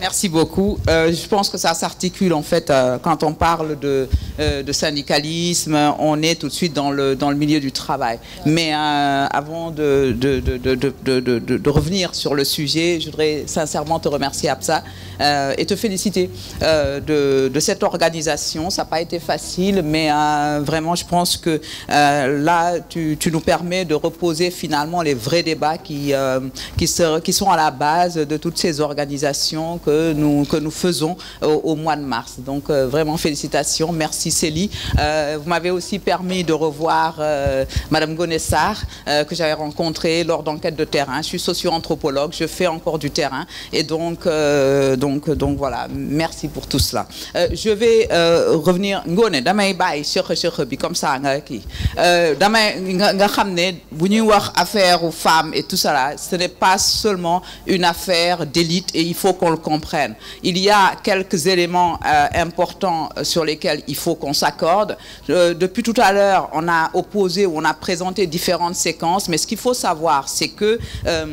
Merci beaucoup. Euh, je pense que ça s'articule en fait euh, quand on parle de euh, de syndicalisme, on est tout de suite dans le, dans le milieu du travail. Mais euh, avant de, de, de, de, revenir sur le sujet, je voudrais sincèrement te remercier, Absa, euh, et te féliciter euh, de, cette organisation. Ça n'a pas été facile, mais vraiment, je pense que là, tu, tu, nous permets de reposer finalement les vrais débats qui, qui, se, qui, sont à la base de toutes ces organisations que nous, que nous faisons au mois de mars. Donc, vraiment, félicitations. Merci euh, vous m'avez aussi permis de revoir Mme euh, Madame Gonessar, euh, que j'avais rencontrée lors d'enquête de terrain. Je suis socio-anthropologue, je fais encore du terrain. Et donc, donc, donc voilà, merci pour tout cela. je vais revenir. Ngone, damay bay sur comme ça, damay nga xamné affaire aux femmes et tout ça ce n'est pas seulement une affaire d'élite et il faut qu'on le comprenne. Il y a quelques éléments importants sur lesquels il faut qu'on s'accorde. Euh, depuis tout à l'heure, on a opposé, ou on a présenté différentes séquences, mais ce qu'il faut savoir, c'est que... Euh,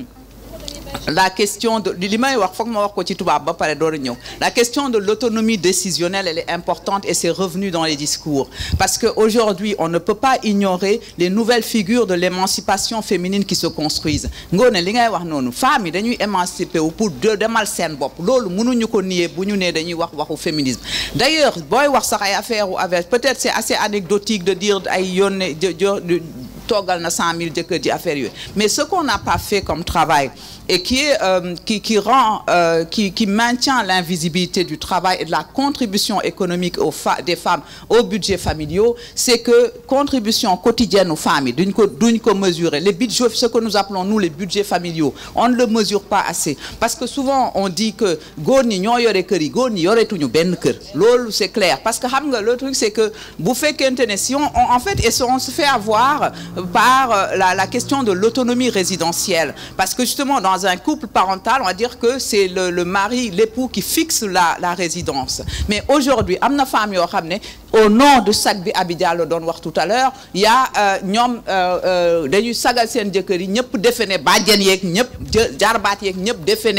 la question de li may wax wax ko ci ba la question de l'autonomie décisionnelle elle est importante et c'est revenu dans les discours parce que aujourd'hui on ne peut pas ignorer les nouvelles figures de l'émancipation féminine qui se construisent ngone li ngay wax noonu femmes dañuy émanciper wu pour mal sen bop lolou mënuñu ko nier buñu né dañuy wax waxu féminisme d'ailleurs boy wax sax ay affaire avec peut-être c'est assez anecdotique de dire ay yónne togal na 100000 mille di affaire mais ce qu'on n'a pas fait comme travail et euh, qui, qui, rend, euh, qui, maintient l'invisibilité du travail et de la contribution économique aux des femmes au budget familial, c'est que contribution quotidienne aux familles, d'une qu'on co mesurer, les budgets, ce que nous appelons nous les budgets familiaux, on ne le mesure pas assez. Parce que souvent on dit que c'est clair. Parce que le truc c'est que vous faites si on, en fait, et on se fait avoir par euh, la, la question de l'autonomie résidentielle. Parce que justement, dans dans un couple parental, on va dire que c'est le, mari, l'époux qui fixe la, la résidence. Mais aujourd'hui, Amna femme au nom de Sakbi Abidja, le tout à l'heure il y a Nyom euh, euh, euh, dañuy sagal seen jëkkër yi ñëpp defe jë jarbaat yeeg ñëpp defe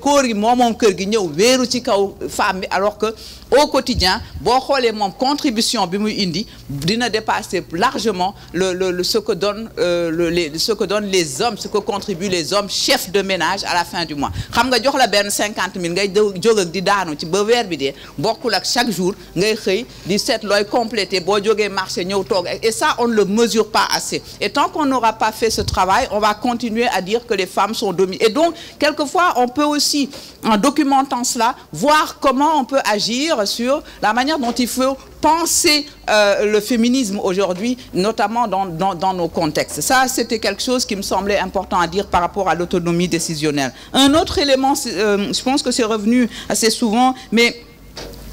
koor jë gi moo moom kër gi ñew wéeru ci kaw femme alors que au quotidien bo xolé mom contribution bi muy indi dina dépasser largement le le, le ce que donne euh, le les ce que donnent les hommes ce que contribuent les hommes chefs de ménage à la fin du mois xam nga jox la ben 50000 000 ngay jog ak di daanu ci ba weer bi dé bokul ak chaque jour ngay xey di set loy compléter bo jógee marché ñew tok et ça on ne le mesure pas assez et tant qu'on n'aura pas fait ce travail on va continuer à dire que les femmes et donc, quelquefois, on peut aussi, en documentant cela, voir comment on peut agir sur la manière dont il faut penser euh, le féminisme aujourd'hui, notamment dans, nos contextes. Ça, c'était quelque chose qui me semblait important à dire par rapport à l'autonomie décisionnelle. Un autre élément, euh, je pense que c'est revenu assez souvent, mais...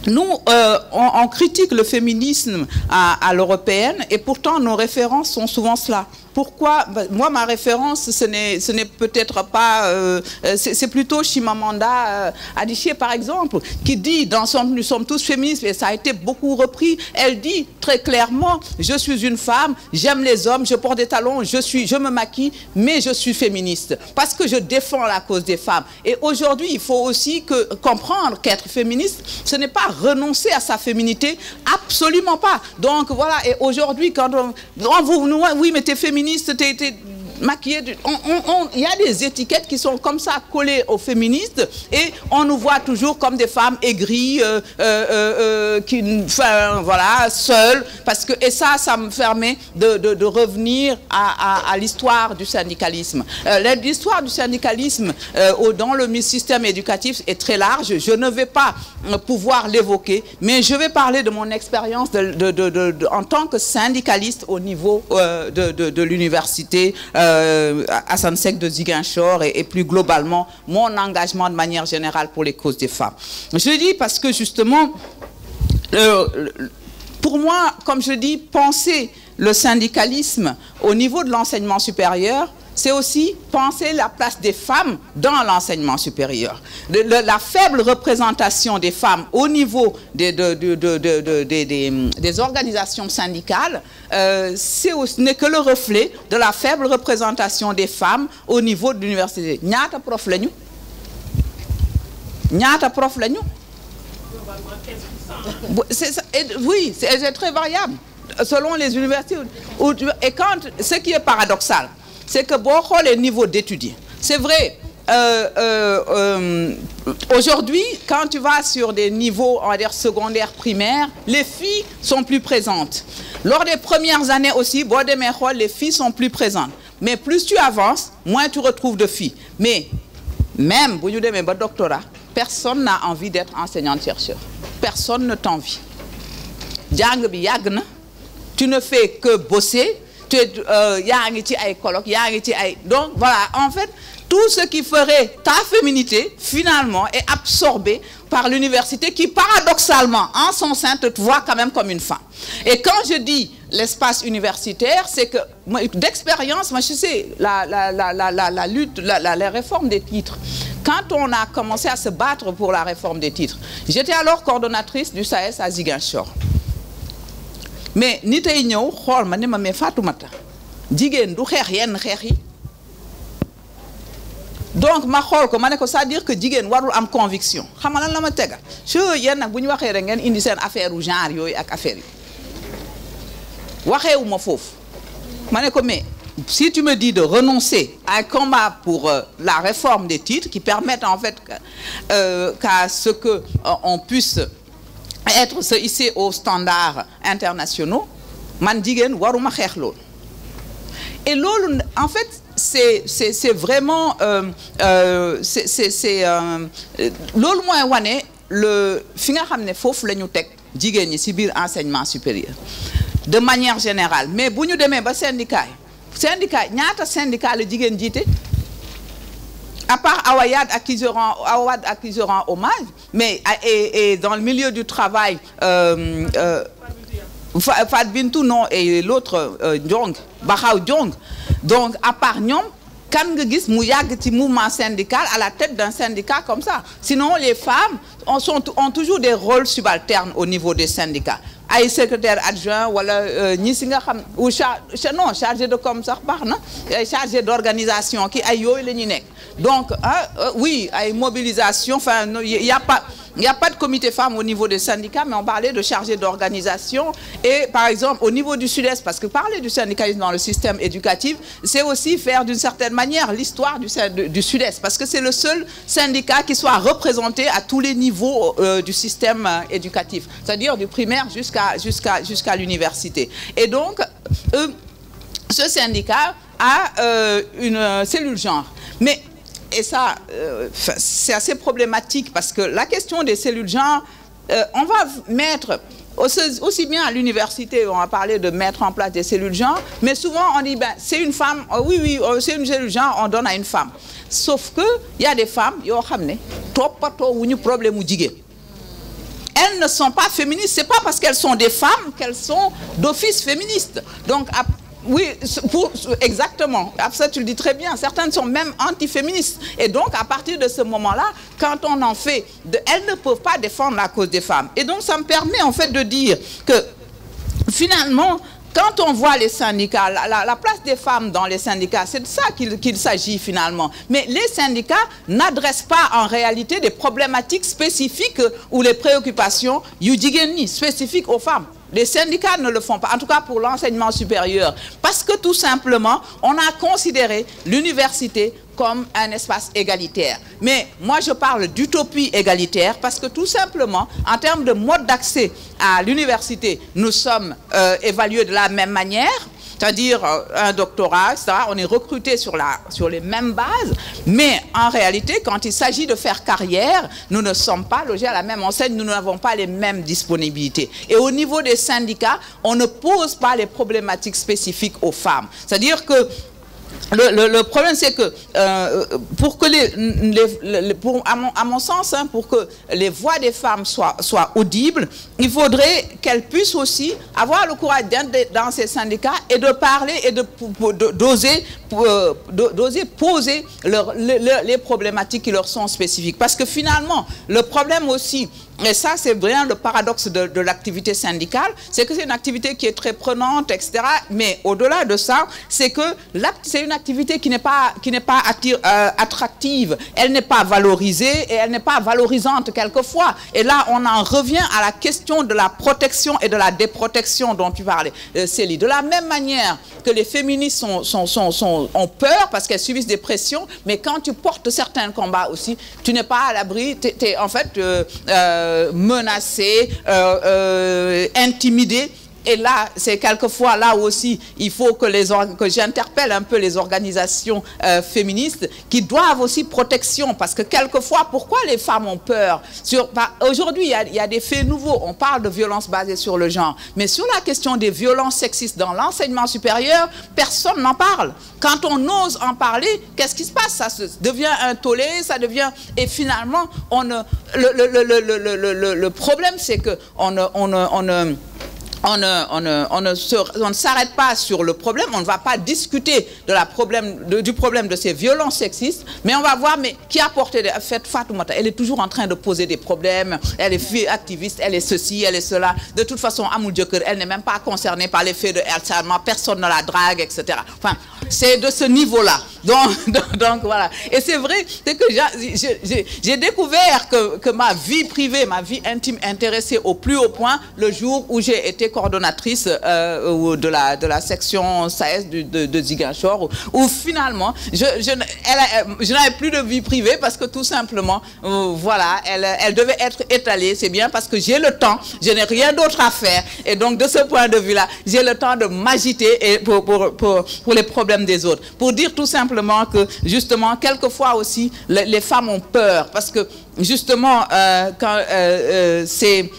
Nous, euh, on, critique le féminisme à l'européenne et pourtant nos références sont souvent cela pourquoi bah, Moi, ma référence, ce n'est peut-être pas... Euh, euh, c'est plutôt Chimamanda euh, Adichie, par exemple, qui dit, nous sommes tous féministes, et ça a été beaucoup repris, elle dit très clairement, je suis une femme, j'aime les hommes, je porte des talons, je, suis, je me maquille, mais je suis féministe, parce que je défends la cause des femmes. Et aujourd'hui, il faut aussi que, comprendre qu'être féministe, ce n'est pas renoncer à sa féminité, absolument pas. Donc voilà, et aujourd'hui, quand on, on vous... Oui, mais t'es féministe, needs to take it Il y a des étiquettes qui sont comme ça collées aux féministes et on nous voit toujours comme des femmes aigries, euh, euh, euh, qui, enfin, voilà, seules. Parce que, et ça, ça me permet de, revenir à, l'histoire du syndicalisme. l'histoire du syndicalisme dans le système éducatif est très large. Je ne vais pas pouvoir l'évoquer, mais je vais parler de mon expérience de, en tant que syndicaliste au niveau de, l'université. Euh, à son de Ziguinchor et, plus globalement mon engagement de manière générale pour les causes des femmes. Je dis parce que justement, euh, pour moi, comme je dis, penser le syndicalisme au niveau de l'enseignement supérieur, c'est aussi penser la place des femmes dans l'enseignement supérieur. la faible représentation des femmes au niveau des, organisations syndicales euh, n'est que le reflet de la faible représentation des femmes au niveau de l'université. ñaata prof lañu ñaata prof lañu oui, c'est très variable selon les universités. et ce qui est paradoxal, c'est que bo les niveau d'études c'est vrai euh, euh, euh, aujourd'hui quand tu vas sur des niveaux on va dire secondaire primaire les filles sont plus présentes lors des premières années aussi bois les filles sont plus présentes mais plus tu avances moins tu retrouves de filles mais même doctorat personne n'a envie d'être enseignante chercheur personne ne t'envie tu ne fais que bosser tu euh, es donc voilà en fait tout ce qui ferait ta féminité finalement est absorbé par l'université qui paradoxalement en son sein te voit quand même comme une femme et quand je dis l'espace universitaire c'est que d'expérience moi je sais la lutte la, la réformes des titres quand on a commencé à se battre pour la réforme des titres j'étais alors coordonnatrice du SAES e à Ziguinchor mais ni tay ñëw xol ma ne ma mais Fatoumata jigen du xex yenn xex yi donc ma xol ko mané ko ça dire que jigen warul am conviction xam nga lan la ma tegal su yéen nag rek ngeen indi sen affaire ou genre yoy ak affaire yi waxeewu ma fof mané ko mais si tu me dis de renoncer à un combat pour euh, la réforme des titres qui permettent en fait euh, qu'à ce que euh, on puisse être ce aux standards internationaux man digen waruma xex et loolu en fait c'est c'est c'est vraiment euh, euh, c'est c'est c'est euh, le mooy wane le fi nga xam ne foofu la ñu teg enseignement supérieur de manière générale mais bu ñu ba syndicat syndicat un syndicat la jigéen à part Awad à qui je rends, hommage, mais et, dans le milieu du travail, euh, euh non, et l'autre, euh, Djong, Bahao Djong. Donc, à part Nyom, quand nga gis mouvement syndical à la tête d'un syndicat comme ça sinon les femmes ont toujours des rôles subalternes au niveau des syndicats ay secrétaire adjoint wala euh, ñi si nga ou chargé non chargé de comme sax chargé d'organisation qui ay yoy donc ah, euh, oui ay mobilisation enfin il y a pas il n'y a pas de comité femmes au niveau des syndicats, mais on parlait de chargé d'organisation. Et par exemple, au niveau du Sud-Est, parce que parler du syndicalisme dans le système éducatif, c'est aussi faire d'une certaine manière l'histoire du, du Sud-Est, parce que c'est le seul syndicat qui soit représenté à tous les niveaux euh, du système éducatif, c'est-à-dire du primaire jusqu'à jusqu'à jusqu'à l'université. Et donc, euh, ce syndicat a euh, une euh, cellule genre. Mais et ça, c'est assez problématique parce que la question des cellules genre, on va mettre aussi bien à l'université, on a parlé de mettre en place des cellules genre, mais souvent on dit, ben, c'est une femme, oh, oui, oui, oh, c'est une cellule genre, on donne à une femme. Sauf il y a des femmes, qui ont un problème elles ne sont pas féministes. C'est pas parce qu'elles sont des femmes qu'elles sont d'office féministes. Donc, oui, pour, exactement. Ça, tu le dis très bien. Certaines sont même antiféministes. Et donc, à partir de ce moment-là, quand on en fait, elles ne peuvent pas défendre la cause des femmes. Et donc, ça me permet en fait de dire que finalement, quand on voit les syndicats, la, place des femmes dans les syndicats, c'est de ça qu'il s'agit finalement. Mais les syndicats n'adressent pas en réalité des problématiques spécifiques ou les préoccupations yudigeni, spécifiques aux femmes. Les syndicats ne le font pas, en tout cas pour l'enseignement supérieur, parce que tout simplement, on a considéré l'université comme un espace égalitaire. Mais moi, je parle d'utopie égalitaire parce que tout simplement, en termes de mode d'accès à l'université, nous sommes euh, évalués de la même manière, c'est-à-dire euh, un doctorat, etc. On est recruté sur, la, sur les mêmes bases, mais en réalité, quand il s'agit de faire carrière, nous ne sommes pas logés à la même enseigne, nous n'avons pas les mêmes disponibilités. Et au niveau des syndicats, on ne pose pas les problématiques spécifiques aux femmes. C'est-à-dire que le, problème, c'est que euh, pour que les, à, mon, sens, hein, pour que les voix des femmes soient, soient audibles, il faudrait qu'elles puissent aussi avoir le courage d'être dans ces syndicats et de parler et de euh, d'oser poser les problématiques qui leur sont spécifiques. Parce que finalement, le problème aussi et ça, c'est vraiment le paradoxe de, l'activité syndicale, c'est que c'est une activité qui est très prenante, etc. Mais au-delà de ça, c'est que c'est une activité qui n'est pas, qui pas euh, attractive, elle n'est pas valorisée et elle n'est pas valorisante quelquefois. Et là, on en revient à la question de la protection et de la déprotection dont tu parlais, euh, Célie. De la même manière que les féministes sont, sont, sont, ont peur parce qu'elles subissent des pressions, mais quand tu portes certains combats aussi, tu n'es pas à l'abri, en fait... Euh, euh euh, menacés, euh, euh, intimidés et là, c'est quelquefois là aussi, il faut que, les que j'interpelle un peu les organisations euh, féministes qui doivent aussi protection. Parce que quelquefois, pourquoi les femmes ont peur bah, Aujourd'hui, il y, a des faits nouveaux. On parle de violences basées sur le genre. Mais sur la question des violences sexistes dans l'enseignement supérieur, personne n'en parle. Quand on ose en parler, qu'est-ce qui se passe Ça se devient un tollé, ça devient... Et finalement, on, le, le, problème, c'est qu'on on, on, on on ne, s'arrête pas sur le problème, on ne va pas discuter de la problème, du problème de ces violences sexistes, mais on va voir mais qui a porté... En fait, Fatoumata, elle est toujours en train de poser des problèmes, elle est activiste, elle est ceci, elle est cela. De toute façon, Amoul elle n'est même pas concernée par l'effet de harcèlement, personne ne la drague, etc. Enfin, c'est de ce niveau-là. Donc, voilà. Et c'est vrai, c'est que j'ai découvert que, que ma vie privée, ma vie intime intéressait au plus haut point le jour où j'ai été coordonnatrice euh, de, la, de la section SAES e de, de, où, finalement, je, euh, je, n'avais plus de vie privée parce que tout simplement, euh, voilà, elle, devait être étalée. C'est bien parce que j'ai le temps, je n'ai rien d'autre à faire. Et donc, de ce point de vue-là, j'ai le temps de m'agiter pour, pour, les problèmes des autres. Pour dire tout simplement que, justement, quelquefois aussi, les, femmes ont peur parce que, justement, quand c'est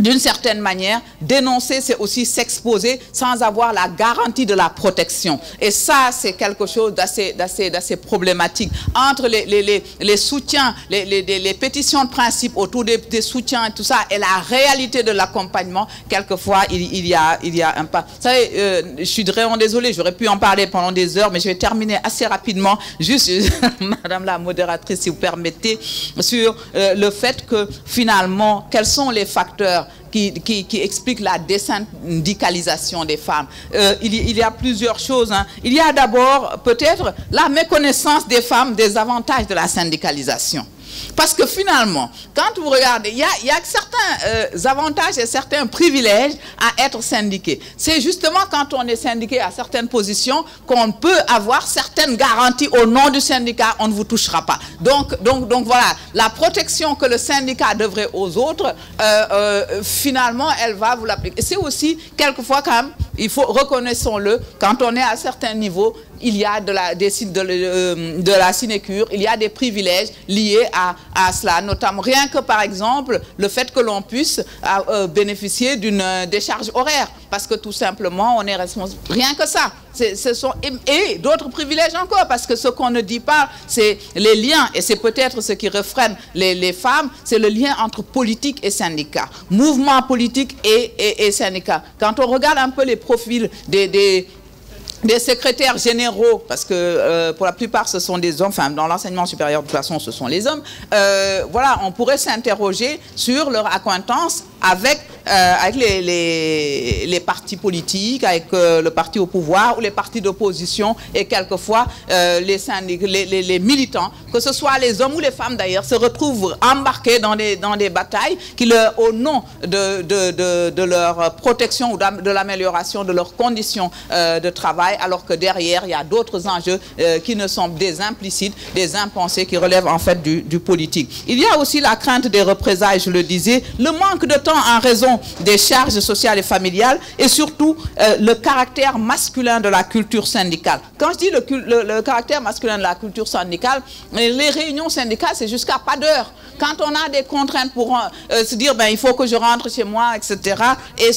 d'une certaine manière, dénoncer, c'est aussi s'exposer sans avoir la garantie de la protection. Et ça, c'est quelque chose d'assez problématique. Entre les, les, soutiens, les, pétitions de principe autour des, soutiens et tout ça, et la réalité de l'accompagnement, quelquefois, il, y a, il y a un pas. Vous savez, euh, je suis vraiment désolé. j'aurais pu en parler pendant des heures, mais je vais terminer assez rapidement, juste, Madame la modératrice, si vous permettez, sur euh, le fait que, finalement, quels sont les facteurs qui, explique la désyndicalisation des femmes. Euh, il, y a plusieurs choses. Hein. Il y a d'abord peut-être la méconnaissance des femmes des avantages de la syndicalisation. Parce que finalement, quand vous regardez, il y a, certains euh, avantages et certains privilèges à être syndiqué. C'est justement quand on est syndiqué à certaines positions qu'on peut avoir certaines garanties au nom du syndicat, on ne vous touchera pas. Donc, donc, donc voilà, la protection que le syndicat devrait aux autres, euh, euh, finalement, elle va vous l'appliquer. C'est aussi, quelquefois quand même, il faut, reconnaissons-le, quand on est à certains niveaux, il y a de la, des, euh, de, la sinécure, il y a des privilèges liés à, cela, notamment rien que par exemple le fait que l'on puisse euh, euh, bénéficier d'une décharge horaire, parce que tout simplement on est responsable, rien que ça. Ce sont, et, d'autres privilèges encore, parce que ce qu'on ne dit pas, c'est les liens, et c'est peut-être ce qui refreine les, femmes, c'est le lien entre politique et syndicat, mouvement politique et, syndicat. Quand on regarde un peu les profils des des secrétaires généraux, parce que euh, pour la plupart ce sont des hommes, enfin dans l'enseignement supérieur de toute façon ce sont les hommes, euh, voilà, on pourrait s'interroger sur leur acquaintance avec, euh, avec les, les, partis politiques, avec euh, le parti au pouvoir ou les partis d'opposition et quelquefois euh, les, les, militants, que ce soit les hommes ou les femmes d'ailleurs, se retrouvent embarqués dans des, dans des batailles qui, au nom de, de, leur protection ou de l'amélioration de leurs conditions de travail, alors que derrière, il y a d'autres enjeux qui ne sont des implicites, des impensés qui relèvent en fait du, du politique. Il y a aussi la crainte des représailles, je le disais, le manque de temps en raison des charges sociales et familiales et surtout euh, le caractère masculin de la culture syndicale. Quand je dis le, caractère masculin de la culture syndicale, les réunions syndicales, c'est jusqu'à pas d'heure. Quand on a des contraintes pour euh, euh, se dire, ben, il faut que je rentre chez moi, etc., et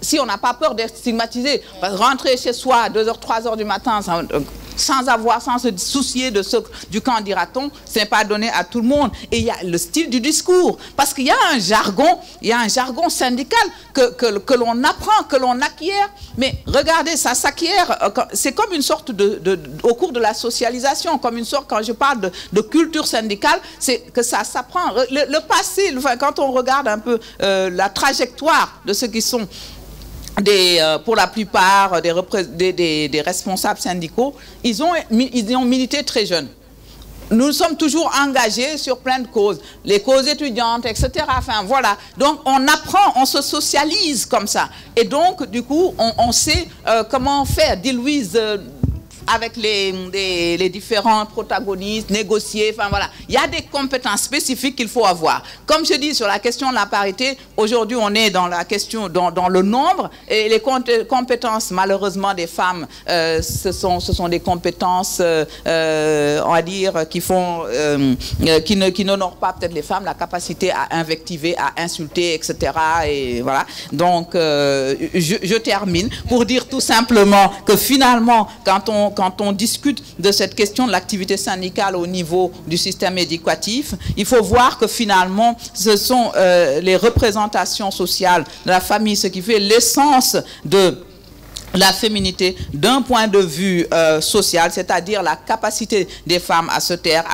si on n'a pas peur d'être stigmatisé, rentrer chez soi à 2h, 3h du matin, ça, sans avoir, sans se soucier de ce, du quand dira-t-on, ce n'est pas donné à tout le monde. Et il y a le style du discours, parce qu'il y a un jargon, il y a un jargon syndical que, que, que l'on apprend, que l'on acquiert, mais regardez, ça s'acquiert, euh, c'est comme une sorte de, au cours de la socialisation, comme une sorte, quand je parle de, culture syndicale, c'est que ça s'apprend. Euh, le, passé, quand on regarde un peu euh, la trajectoire de ceux qui sont des, euh, pour la plupart des, des, responsables syndicaux, ils ont, ils ont milité très jeunes. Nous sommes toujours engagés sur plein de causes, les causes étudiantes, etc. Enfin, voilà. Donc, on apprend, on se socialise comme ça. Et donc, du coup, on, sait euh, comment faire. Dit Louise... Euh, avec les, les, différents protagonistes, négocier, enfin voilà. Il y a des compétences spécifiques qu'il faut avoir. Comme je dis sur la question de la parité, aujourd'hui on est dans la question, dans, dans, le nombre, et les compétences malheureusement des femmes, euh, ce, sont, ce sont des compétences, euh, euh, on va dire, qui font, qui ne qui n'honorent pas peut-être les femmes, la capacité à invectiver, à insulter, etc. Et voilà. Donc, je termine pour dire tout simplement que finalement, quand on quand on discute de cette question de l'activité syndicale au niveau du système éducatif, il faut voir que finalement, ce sont euh, les représentations sociales de la famille, ce qui fait l'essence de la féminité d'un point de vue euh, social, c'est-à-dire la capacité des femmes à se taire,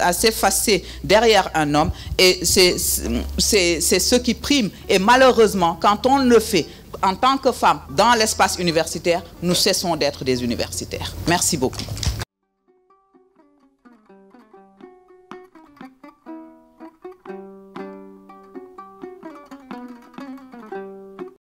à s'effacer derrière un homme. Et c'est ce qui prime. Et malheureusement, quand on le fait, en tant que femmes dans l'espace universitaire, nous cessons d'être des universitaires. Merci beaucoup.